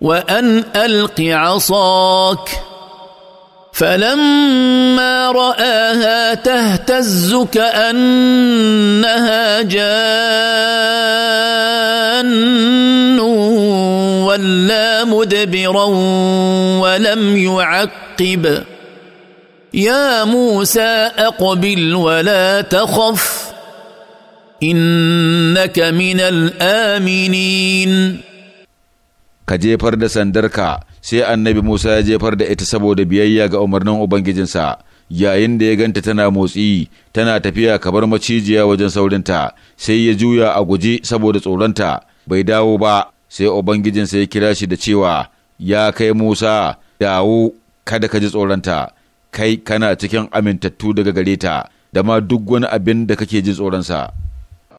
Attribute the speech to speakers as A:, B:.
A: وان الق عصاك فلما راها تهتز كانها جان ولا مدبرا ولم يعقب يا موسى اقبل ولا تخف انك من الامنين ka
B: jefar da sandarka sai annabi Musa ya jefar da ita saboda biyayya ga umarnin Ubangijinsa yayin da ya ganta tana motsi tana tafiya kamar macijiya wajen saurinta sai ya juya a guji saboda tsoronta bai dawo ba sai Ubangijinsa ya kira shi da cewa ya kai Musa dawo kada ka ji tsoronta kai kana cikin amintattu daga gare ta da ma duk wani abin da kake ji tsoronsa.